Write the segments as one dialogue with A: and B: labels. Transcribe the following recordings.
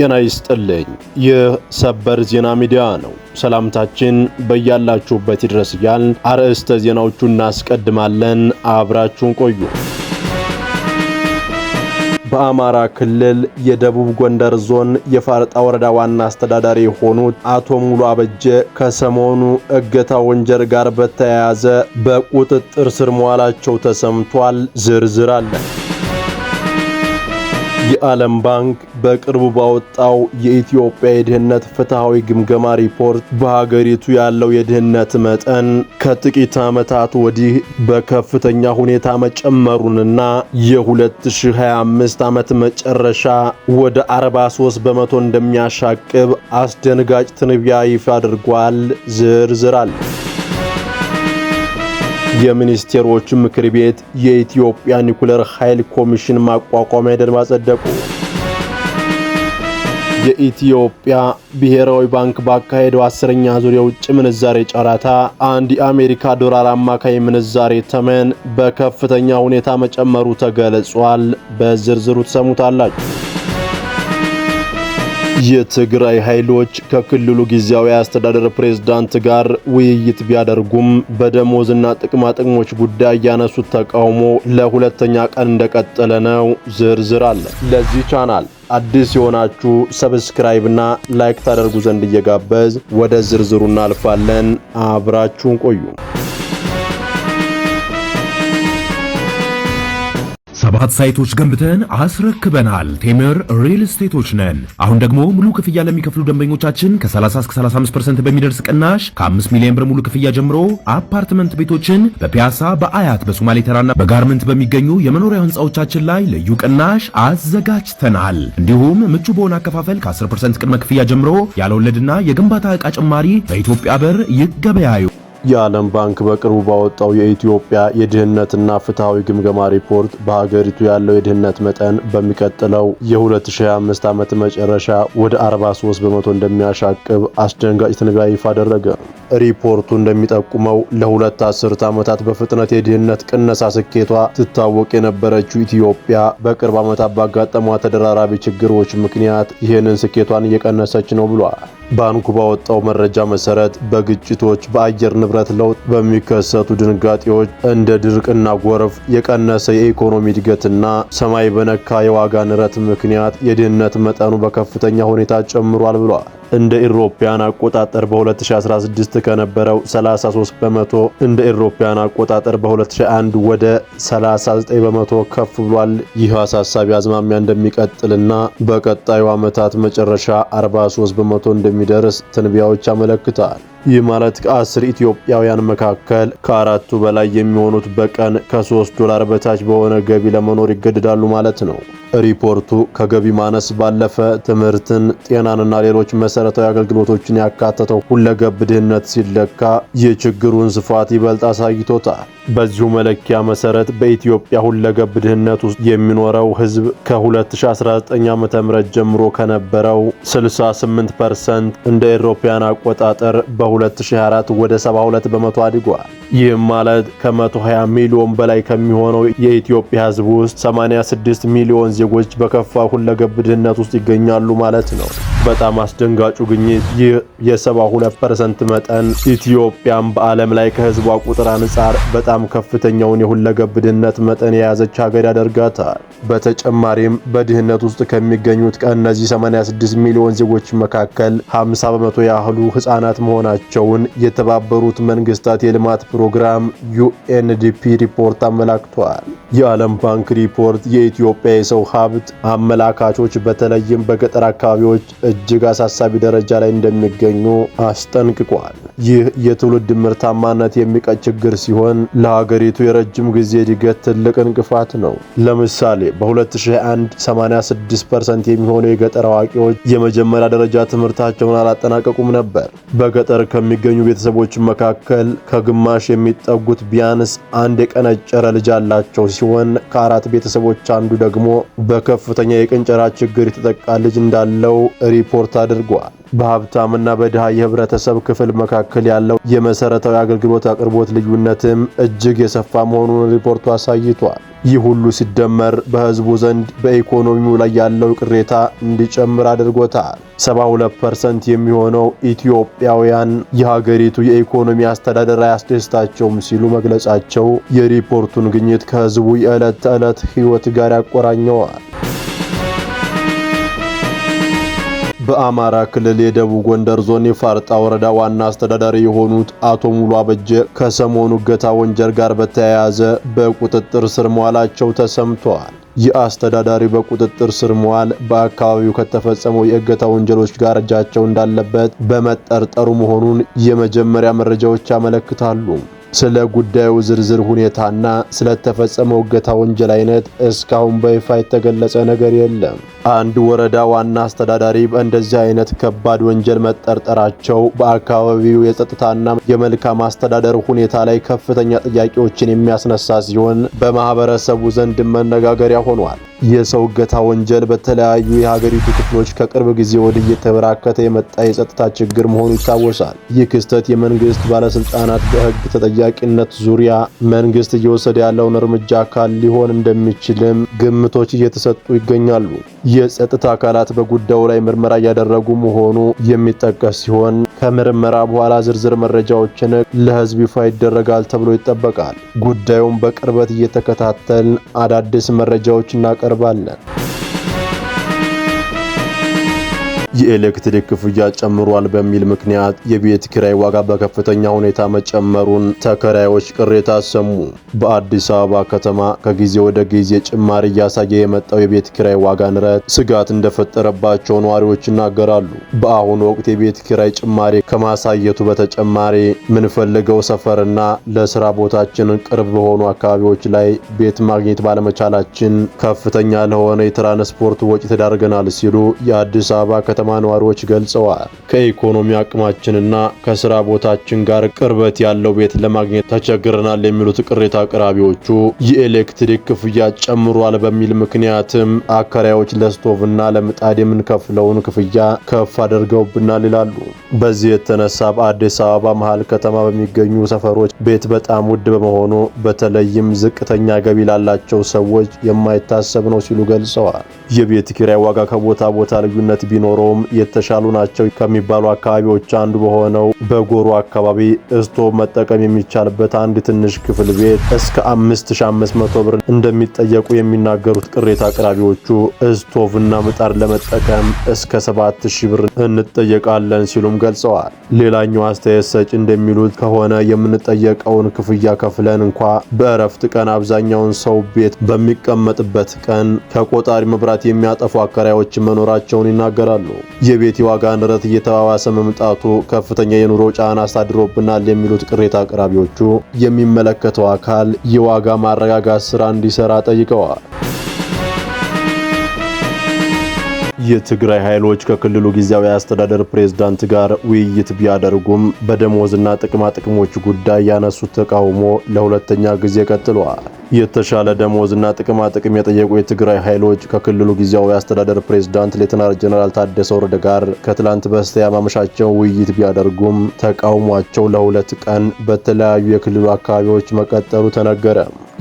A: ጤና ይስጥልኝ። ይህ ሰበር ዜና ሚዲያ ነው። ሰላምታችን በያላችሁበት ይድረስ እያልን አርዕስተ ዜናዎቹን እናስቀድማለን። አብራችሁን ቆዩ። በአማራ ክልል የደቡብ ጎንደር ዞን የፋርጣ ወረዳ ዋና አስተዳዳሪ የሆኑት አቶ ሙሉ አበጀ ከሰሞኑ እገታ ወንጀል ጋር በተያያዘ በቁጥጥር ስር መዋላቸው ተሰምቷል። ዝርዝር አለን። የዓለም ባንክ በቅርቡ ባወጣው የኢትዮጵያ የድህነት ፍትሐዊ ግምገማ ሪፖርት በሀገሪቱ ያለው የድህነት መጠን ከጥቂት ዓመታት ወዲህ በከፍተኛ ሁኔታ መጨመሩንና የ2025 ዓመት መጨረሻ ወደ 43 በመቶ እንደሚያሻቅብ አስደንጋጭ ትንቢያ ይፋ አድርጓል። ዝርዝር አለ። የሚኒስቴሮች ምክር ቤት የኢትዮጵያ ኒኩለር ኃይል ኮሚሽን ማቋቋሚያ ደንብ አጸደቁ። የኢትዮጵያ ብሔራዊ ባንክ ባካሄደው አስረኛ ዙር የውጭ ምንዛሬ ጨረታ አንድ የአሜሪካ ዶላር አማካይ ምንዛሬ ተመን በከፍተኛ ሁኔታ መጨመሩ ተገለጿል። በዝርዝሩ ትሰሙታላችሁ። የትግራይ ኃይሎች ከክልሉ ጊዜያዊ አስተዳደር ፕሬዝዳንት ጋር ውይይት ቢያደርጉም በደሞዝና ጥቅማ ጥቅሞች ጉዳይ ያነሱት ተቃውሞ ለሁለተኛ ቀን እንደቀጠለ ነው። ዝርዝር አለ። ለዚህ ቻናል አዲስ የሆናችሁ ሰብስክራይብ ላይክ ታደርጉ ዘንድ እየጋበዝ ወደ ዝርዝሩ እናልፋለን። አብራችሁን ቆዩ።
B: ሰባት ሳይቶች ገንብተን አስረክበናል። ቴምር ሪል ስቴቶች ነን። አሁን ደግሞ ሙሉ ክፍያ ለሚከፍሉ ደንበኞቻችን ከ30 እስከ 35 በሚደርስ ቅናሽ ከ5 ሚሊዮን ብር ሙሉ ክፍያ ጀምሮ አፓርትመንት ቤቶችን በፒያሳ፣ በአያት፣ በሶማሌ ተራና በጋርመንት በሚገኙ የመኖሪያ ህንፃዎቻችን ላይ ልዩ ቅናሽ አዘጋጅተናል። እንዲሁም ምቹ በሆነ አከፋፈል ከ10 ቅድመ ክፍያ ጀምሮ ያለወለድና የግንባታ ዕቃ ጭማሪ በኢትዮጵያ ብር ይገበያዩ።
A: የዓለም ባንክ በቅርቡ ባወጣው የኢትዮጵያ የድህነትና ፍትሐዊ ግምገማ ሪፖርት በሀገሪቱ ያለው የድህነት መጠን በሚቀጥለው የ2025 ዓመት መጨረሻ ወደ 43 በመቶ እንደሚያሻቅብ አስደንጋጭ ትንበያ ይፋ አደረገ። ሪፖርቱ እንደሚጠቁመው ለሁለት አስርት ዓመታት በፍጥነት የድህነት ቅነሳ ስኬቷ ትታወቅ የነበረችው ኢትዮጵያ በቅርብ ዓመታት ባጋጠሟ ተደራራቢ ችግሮች ምክንያት ይህንን ስኬቷን እየቀነሰች ነው ብሏል። ባንኩ ባወጣው መረጃ መሰረት በግጭቶች፣ በአየር ንብረት ለውጥ በሚከሰቱ ድንጋጤዎች እንደ ድርቅና ጎርፍ የቀነሰ የኢኮኖሚ እድገትና ሰማይ በነካ የዋጋ ንረት ምክንያት የድህነት መጠኑ በከፍተኛ ሁኔታ ጨምሯል ብሏል። እንደ ኢሮፓያን አቆጣጠር በ2016 ከነበረው 33 በመቶ እንደ ኢሮፓያን አቆጣጠር በ2001 ወደ 39 በመቶ ከፍ ብሏል። ይህ አሳሳቢ አዝማሚያ እንደሚቀጥልና በቀጣዩ ዓመታት መጨረሻ 43 በመቶ እንደሚደርስ ትንቢያዎች ያመለክታል። ይህ ማለት ከአስር ኢትዮጵያውያን መካከል ከአራቱ በላይ የሚሆኑት በቀን ከ ከ3 ዶላር በታች በሆነ ገቢ ለመኖር ይገደዳሉ ማለት ነው። ሪፖርቱ ከገቢ ማነስ ባለፈ ትምህርትን፣ ጤናንና ሌሎች መሰ መሰረታዊ አገልግሎቶችን ያካተተው ሁለገብ ድህነት ሲለካ የችግሩን ስፋት ይበልጥ አሳይቶታል። በዚሁ መለኪያ መሰረት በኢትዮጵያ ሁለገብ ድህነት ውስጥ የሚኖረው ህዝብ ከ2019 ም ጀምሮ ከነበረው 68 ፐርሰንት እንደ ኤሮፓያን አቆጣጠር በ2024 ወደ 72 በመቶ አድጓል። ይህም ማለት ከ120 ሚሊዮን በላይ ከሚሆነው የኢትዮጵያ ህዝብ ውስጥ 86 ሚሊዮን ዜጎች በከፋ ሁለገብ ድህነት ውስጥ ይገኛሉ ማለት ነው። በጣም አስደንጋጩ ግኝት ይህ የ72% መጠን ኢትዮጵያን በዓለም ላይ ከህዝቧ ቁጥር አንጻር በጣም ከፍተኛውን የሁለገብ ድህነት መጠን የያዘች ሀገር ያደርጋታል። በተጨማሪም በድህነት ውስጥ ከሚገኙት ከእነዚህ 86 ሚሊዮን ዜጎች መካከል 50 በመቶ ያህሉ ህጻናት መሆናቸውን የተባበሩት መንግስታት የልማት ፕሮ ፕሮግራም ዩኤንዲፒ ሪፖርት አመላክቷል። የዓለም ባንክ ሪፖርት የኢትዮጵያ የሰው ሀብት አመላካቾች በተለይም በገጠር አካባቢዎች እጅግ አሳሳቢ ደረጃ ላይ እንደሚገኙ አስጠንቅቋል። ይህ የትውልድ ምርታማነት የሚቀጭ ችግር ሲሆን ለሀገሪቱ የረጅም ጊዜ እድገት ትልቅ እንቅፋት ነው። ለምሳሌ በ 20186 86% የሚሆኑ የገጠር አዋቂዎች የመጀመሪያ ደረጃ ትምህርታቸውን አላጠናቀቁም ነበር። በገጠር ከሚገኙ ቤተሰቦች መካከል ከግማሽ የሚጠጉት ቢያንስ አንድ የቀነጨረ ልጅ ያላቸው ሲሆን ከአራት ቤተሰቦች አንዱ ደግሞ በከፍተኛ የቅንጨራ ችግር የተጠቃ ልጅ እንዳለው ሪፖርት አድርጓል። በሀብታምና በድሃ የህብረተሰብ ክፍል መካከል ያለው የመሰረታዊ አገልግሎት አቅርቦት ልዩነትም እጅግ የሰፋ መሆኑን ሪፖርቱ አሳይቷል። ይህ ሁሉ ሲደመር በህዝቡ ዘንድ በኢኮኖሚው ላይ ያለው ቅሬታ እንዲጨምር አድርጎታል። 72% የሚሆነው ኢትዮጵያውያን የሀገሪቱ የኢኮኖሚ አስተዳደር አያስደስታቸውም ሲሉ መግለጻቸው የሪፖርቱን ግኝት ከህዝቡ የዕለት ተዕለት ህይወት ጋር ያቆራኘዋል። በአማራ ክልል የደቡብ ጎንደር ዞን የፋርጣ ወረዳ ዋና አስተዳዳሪ የሆኑት አቶ ሙሉ አበጀ ከሰሞኑ እገታ ወንጀል ጋር በተያያዘ በቁጥጥር ስር መዋላቸው ተሰምቷል። የአስተዳዳሪ በቁጥጥር ስር መዋል በአካባቢው ከተፈጸመው የእገታ ወንጀሎች ጋር እጃቸው እንዳለበት በመጠርጠሩ መሆኑን የመጀመሪያ መረጃዎች ያመለክታሉ። ስለ ጉዳዩ ዝርዝር ሁኔታና ስለተፈጸመው እገታ ወንጀል አይነት እስካሁን በይፋ የተገለጸ ነገር የለም። አንድ ወረዳ ዋና አስተዳዳሪ በእንደዚህ አይነት ከባድ ወንጀል መጠርጠራቸው በአካባቢው የጸጥታና የመልካም አስተዳደር ሁኔታ ላይ ከፍተኛ ጥያቄዎችን የሚያስነሳ ሲሆን በማህበረሰቡ ዘንድ መነጋገሪያ ሆኗል። የሰው እገታ ወንጀል በተለያዩ የሀገሪቱ ክፍሎች ከቅርብ ጊዜ ወዲህ እየተበራከተ የመጣ የጸጥታ ችግር መሆኑ ይታወሳል። ይህ ክስተት የመንግስት ባለስልጣናት በህግ ተጠያ ተጠያቂነት ዙሪያ መንግስት እየወሰደ ያለውን እርምጃ አካል ሊሆን እንደሚችልም ግምቶች እየተሰጡ ይገኛሉ። የጸጥታ አካላት በጉዳዩ ላይ ምርመራ እያደረጉ መሆኑ የሚጠቀስ ሲሆን ከምርመራ በኋላ ዝርዝር መረጃዎችን ለህዝብ ይፋ ይደረጋል ተብሎ ይጠበቃል። ጉዳዩን በቅርበት እየተከታተልን አዳዲስ መረጃዎች እናቀርባለን። የኤሌክትሪክ ክፍያ ጨምሯል በሚል ምክንያት የቤት ኪራይ ዋጋ በከፍተኛ ሁኔታ መጨመሩን ተከራዮች ቅሬታ አሰሙ። በአዲስ አበባ ከተማ ከጊዜ ወደ ጊዜ ጭማሪ እያሳየ የመጣው የቤት ኪራይ ዋጋ ንረት ስጋት እንደፈጠረባቸው ነዋሪዎች ይናገራሉ። በአሁኑ ወቅት የቤት ኪራይ ጭማሪ ከማሳየቱ በተጨማሪ ምንፈልገው ሰፈርና ለስራ ቦታችን ቅርብ በሆኑ አካባቢዎች ላይ ቤት ማግኘት ባለመቻላችን ከፍተኛ ለሆነ የትራንስፖርት ወጪ ተዳርገናል ሲሉ የአዲስ አበባ ከተማ ከተማ ነዋሪዎች ገልጸዋል። ከኢኮኖሚ አቅማችንና ከስራ ቦታችን ጋር ቅርበት ያለው ቤት ለማግኘት ተቸግረናል የሚሉት ቅሬታ አቅራቢዎቹ የኤሌክትሪክ ክፍያ ጨምሯል በሚል ምክንያትም አከራዮች ለስቶቭና ለምጣድ የምንከፍለውን ክፍያ ከፍ አድርገውብናል ይላሉ። በዚህ የተነሳ በአዲስ አበባ መሀል ከተማ በሚገኙ ሰፈሮች ቤት በጣም ውድ በመሆኑ በተለይም ዝቅተኛ ገቢ ላላቸው ሰዎች የማይታሰብ ነው ሲሉ ገልጸዋል። የቤት ኪራይ ዋጋ ከቦታ ቦታ ልዩነት ቢኖረው እንደውም የተሻሉ ናቸው ከሚባሉ አካባቢዎች አንዱ በሆነው በጎሮ አካባቢ እስቶቭ መጠቀም የሚቻልበት አንድ ትንሽ ክፍል ቤት እስከ 5500 ብር እንደሚጠየቁ የሚናገሩት ቅሬታ አቅራቢዎቹ እስቶቭና ምጣድ ለመጠቀም እስከ 7000 ብር እንጠየቃለን ሲሉም ገልጸዋል። ሌላኛው አስተያየት ሰጭ እንደሚሉት ከሆነ የምንጠየቀውን ክፍያ ከፍለን እንኳ በእረፍት ቀን አብዛኛውን ሰው ቤት በሚቀመጥበት ቀን ከቆጣሪ መብራት የሚያጠፉ አከራዮች መኖራቸውን ይናገራሉ። የቤት የዋጋ ንረት እየተባባሰ መምጣቱ ከፍተኛ የኑሮ ጫና አሳድሮብናል የሚሉት ቅሬታ አቅራቢዎቹ የሚመለከተው አካል የዋጋ ማረጋጋት ስራ እንዲሰራ ጠይቀዋል። የትግራይ ኃይሎች ከክልሉ ጊዜያዊ አስተዳደር ፕሬዝዳንት ጋር ውይይት ቢያደርጉም በደሞዝና ጥቅማ ጥቅሞች ጉዳይ ያነሱት ተቃውሞ ለሁለተኛ ጊዜ ቀጥሏል። የተሻለ ደሞዝና ጥቅማ ጥቅም የጠየቁ የትግራይ ኃይሎች ከክልሉ ጊዜያዊ አስተዳደር ፕሬዝዳንት ሌተናል ጀነራል ታደሰ ወረደ ጋር ከትላንት በስቲያ ማመሻቸው ውይይት ቢያደርጉም ተቃውሟቸው ለሁለት ቀን በተለያዩ የክልሉ አካባቢዎች መቀጠሉ ተነገረ።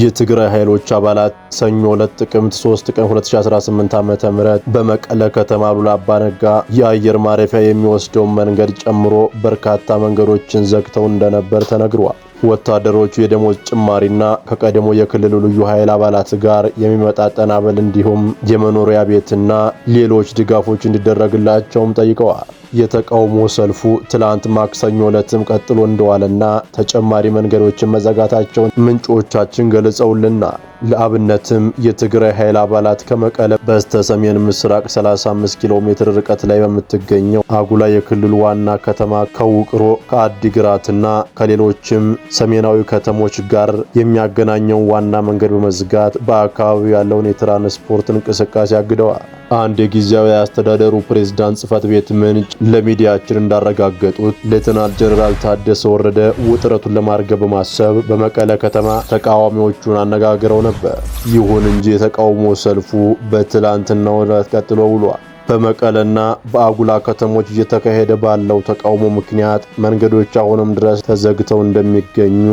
A: የትግራይ ኃይሎች አባላት ሰኞ ዕለት ጥቅምት 3 ቀን 2018 ዓ.ም በመቀለ ከተማ ሉላ አባ ነጋ የአየር ማረፊያ የሚወስደውን መንገድ ጨምሮ በርካታ መንገዶችን ዘግተው እንደነበር ተነግሯል። ወታደሮቹ የደሞዝ ጭማሪና ከቀድሞ የክልሉ ልዩ ኃይል አባላት ጋር የሚመጣጠን አበል እንዲሁም የመኖሪያ ቤትና ሌሎች ድጋፎች እንዲደረግላቸውም ጠይቀዋል። የተቃውሞ ሰልፉ ትላንት ማክሰኞ ዕለትም ቀጥሎ እንደዋለና ተጨማሪ መንገዶችን መዘጋታቸውን ምንጮቻችን ገልጸውልናል። ለአብነትም የትግራይ ኃይል አባላት ከመቀለ በስተ ሰሜን ምስራቅ 35 ኪሎ ሜትር ርቀት ላይ በምትገኘው አጉላ የክልል ዋና ከተማ ከውቅሮ ከአዲግራትና ከሌሎችም ሰሜናዊ ከተሞች ጋር የሚያገናኘውን ዋና መንገድ በመዝጋት በአካባቢው ያለውን የትራንስፖርት እንቅስቃሴ አግደዋል። አንድ የጊዜያዊ አስተዳደሩ ፕሬዝዳንት ጽህፈት ቤት ምንጭ ለሚዲያችን እንዳረጋገጡት ሌተናል ጀኔራል ታደሰ ወረደ ውጥረቱን ለማርገብ በማሰብ በመቀለ ከተማ ተቃዋሚዎቹን አነጋግረው ነበር። ይሁን እንጂ የተቃውሞ ሰልፉ በትላንትናው ዕለት ቀጥሎ ውሏል። በመቀለና በአጉላ ከተሞች እየተካሄደ ባለው ተቃውሞ ምክንያት መንገዶች አሁንም ድረስ ተዘግተው እንደሚገኙ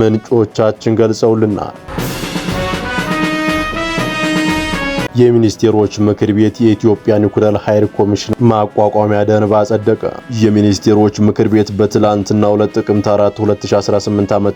A: ምንጮቻችን ገልጸውልናል። የሚኒስቴሮች ምክር ቤት የኢትዮጵያ ኒኩለር ኃይል ኮሚሽን ማቋቋሚያ ደንብ አጸደቀ። የሚኒስቴሮች ምክር ቤት በትላንትና ሁለት ጥቅምት 4 2018 ዓ.ም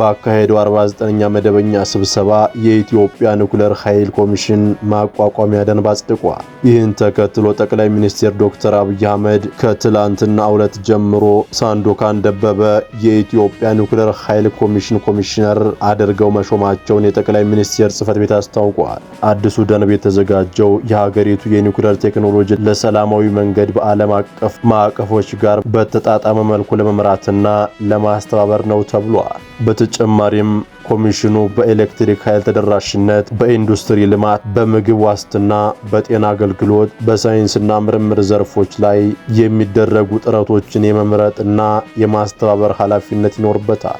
A: ባካሄደው 49ኛ መደበኛ ስብሰባ የኢትዮጵያ ኒኩለር ኃይል ኮሚሽን ማቋቋሚያ ደንብ አጽድቋል። ይህን ተከትሎ ጠቅላይ ሚኒስቴር ዶክተር አብይ አህመድ ከትላንትና ዕለት ጀምሮ ሳንዶካን ደበበ የኢትዮጵያ ኒኩለር ኃይል ኮሚሽን ኮሚሽነር አድርገው መሾማቸውን የጠቅላይ ሚኒስቴር ጽህፈት ቤት አስታውቋል። አዲሱ ደንብ የተዘጋጀው የሀገሪቱ የኒውክሌር ቴክኖሎጂ ለሰላማዊ መንገድ በዓለም አቀፍ ማዕቀፎች ጋር በተጣጣመ መልኩ ለመምራትና ለማስተባበር ነው ተብሏል። በተጨማሪም ኮሚሽኑ በኤሌክትሪክ ኃይል ተደራሽነት፣ በኢንዱስትሪ ልማት፣ በምግብ ዋስትና፣ በጤና አገልግሎት፣ በሳይንስና ምርምር ዘርፎች ላይ የሚደረጉ ጥረቶችን የመምረጥና የማስተባበር ኃላፊነት ይኖርበታል።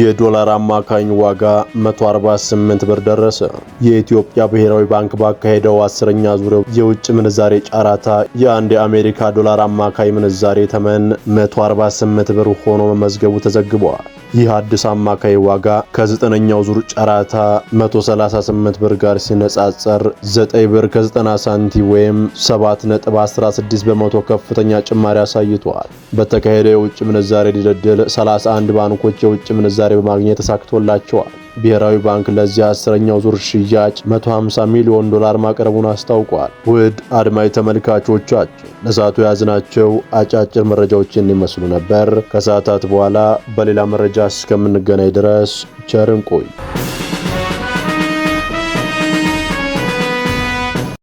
A: የዶላር አማካኝ ዋጋ 148 ብር ደረሰ። የኢትዮጵያ ብሔራዊ ባንክ ባካሄደው አስረኛ ዙሪያው የውጭ ምንዛሬ ጨረታ የአንድ የአሜሪካ ዶላር አማካኝ ምንዛሬ ተመን 148 ብር ሆኖ መመዝገቡ ተዘግቧል። ይህ አዲስ አማካይ ዋጋ ከዘጠነኛው ዙር ጨረታ 138 ብር ጋር ሲነጻጸር 9 ብር ከ90 ሳንቲ ወይም 7.16 በመቶ ከፍተኛ ጭማሪ አሳይቷል። በተካሄደው የውጭ ምንዛሬ ድልድል 31 ባንኮች የውጭ ምንዛሬ ምንዛሬ በማግኘት ተሳክቶላቸዋል። ብሔራዊ ባንክ ለዚህ አስረኛው ዙር ሽያጭ 150 ሚሊዮን ዶላር ማቅረቡን አስታውቋል። ውድ አድማጭ ተመልካቾቻችን ለሰዓቱ የያዝናቸው አጫጭር መረጃዎችን ይመስሉ ነበር። ከሰዓታት በኋላ በሌላ መረጃ እስከምንገናኝ ድረስ ቸርን ቆይ